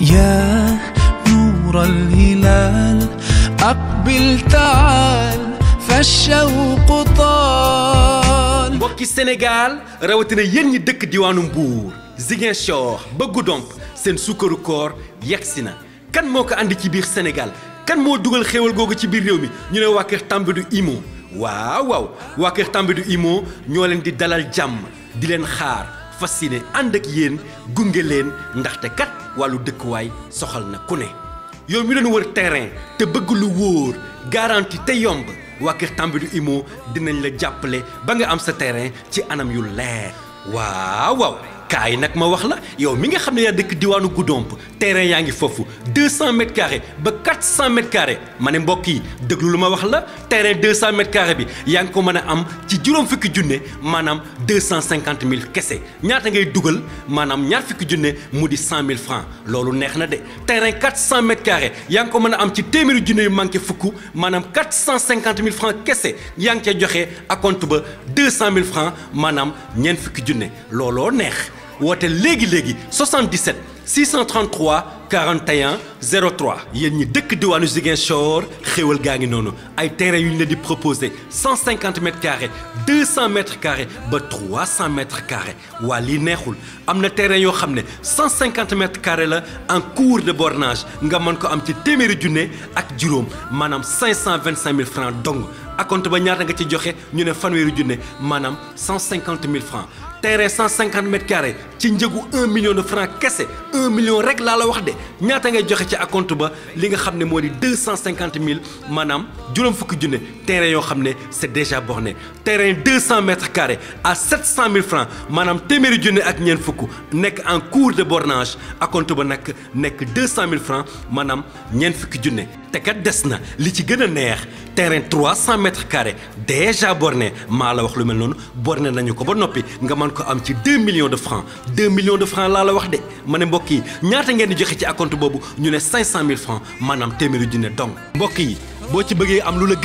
يا نور الهلال أقبل تعال فالشوق طال mbokki Sénégal rawatina yéen ñi dëkk diwaanu Mbour Ziguinchor ba Goudomp seen sukkaru koor yegsi na kan moo ko andi ci biir Sénégal kan moo dugal xewal googu ci biir réew mi ñu ne waa kër Tambadou Imo waaw waa kër Tambadou Imo ñoo leen di dalal jàmm di leen xaar fas yéene ànd ak yéen gunge leen ndaxte kat wàllu dëkkuwaay soxal na ku ne. yow mi doon wër terrain te bëgg lu wóor garanti te yomb waa kër Tambidou Immo dinañ la jàppale ba nga am sa terrain ci anam yu leer waaw waaw. kay nak ma wax la yow mi nga xamné ya dëkk Goudomp terrain yaa fofu 200 mètres carrés ba 400 mètres carrés mané ne mbokk yi wax la terrain 200 mètres carrés bi yaa ko mën am ci juróom fukki junne manam 250 000 kese ñaata ngay dugal manam ñaar fukki junne mu di 100 000 francs loolu neex na terrain 400 mètres carrés yaa ko mën am ci téeméeri junne yu manqué fukk manam 450 000 francs kese yaa ngi joxé acompte ba 200 000 francs manam ñen fukki junne looloo neex woote Legi Legi 77 633 41 03 yéen ñi dëkk diwaanu Chor xéwal gaa ngi noonu ay terrain yu ñu leen di proposé 150 mètres carrés 200 mètres carrés ba 300 mètres carrés waa lii neexul am na terrain yoo xam 150 mètres carrés la en cours de bornage nga mën ko am ci téeméeri junne ak juróom maanaam 525 000 francs dong acompte ba ñaata nga ci joxe ñu ne fanweeri junne maanaam 150 francs terrain 150 mètres carrés ci njëgu 1 million de francs cassé, 1 million rek la la wax de ñaata ngay joxé ci acompte ba li nga xamné modi moo di 250 000 maanaam juróom fukki junne terrain yo xamné c'est déjà borné terrain 200 mètres carrés à 700 000 francs manam téeméeri junne ak ñen fukk nek en cours de bornage acompte ba nak nek 200 000 francs manam ñen fukki junne te kat dessna li ci gëna neex terrain 300 mètres carrés déjà borné maa la wax lu mel non borné nañu ko ba nopi nga man ko am ci 2 millions de francs 2 millions de francs la la wax de mané mbokk yi ñaata ngeen di joxe ci bobu ñu 500000 francs manam téméru dina dong. mbokk yi ci am lu la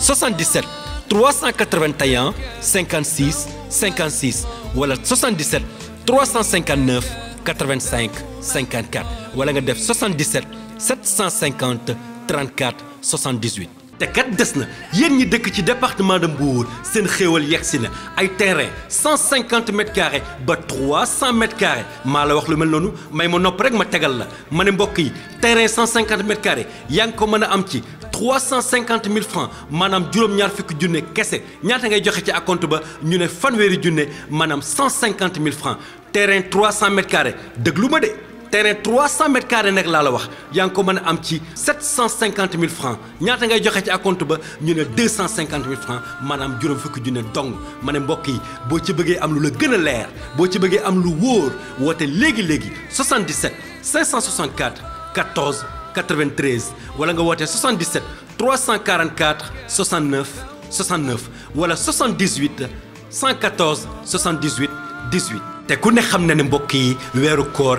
77 381 56 56 wala 77 359 85 54 wala nga def 77 750 34 78 te kat des na yéen ñi dëkk ci département de Mbour seen xéewal yegsi na ay terrain 150 mètres carrés ba 300 mètres carrés maa la wax lu mel noonu may ma nopp rek ma tegal la ma ne mbokk yi terrain 150 mètres carrés yaa ngi ko mën a am ci 350 000 francs maanaam juróom-ñaar fukki junne kese ñaata ngay joxe ci acompte ba ñu ne fanweeri junne maanaam 150 000 francs terrain 300 mètres carrés déglu ma de terrain 300 mètres carrés nek y la wax 750 000 francs ñaata ngay joxe ci acompte ba ñu 250 000 francs Madame juróom fukki junne dong mané mbokk yi un ci bëggé am lu la gëna a bo ci 77 564 14 93 wala nga woté 77 344 69 69 wala 78 114 78 18. té ku ne xamné mbokk yi koor.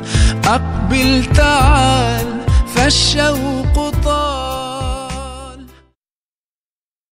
أقبل تعال فالشوق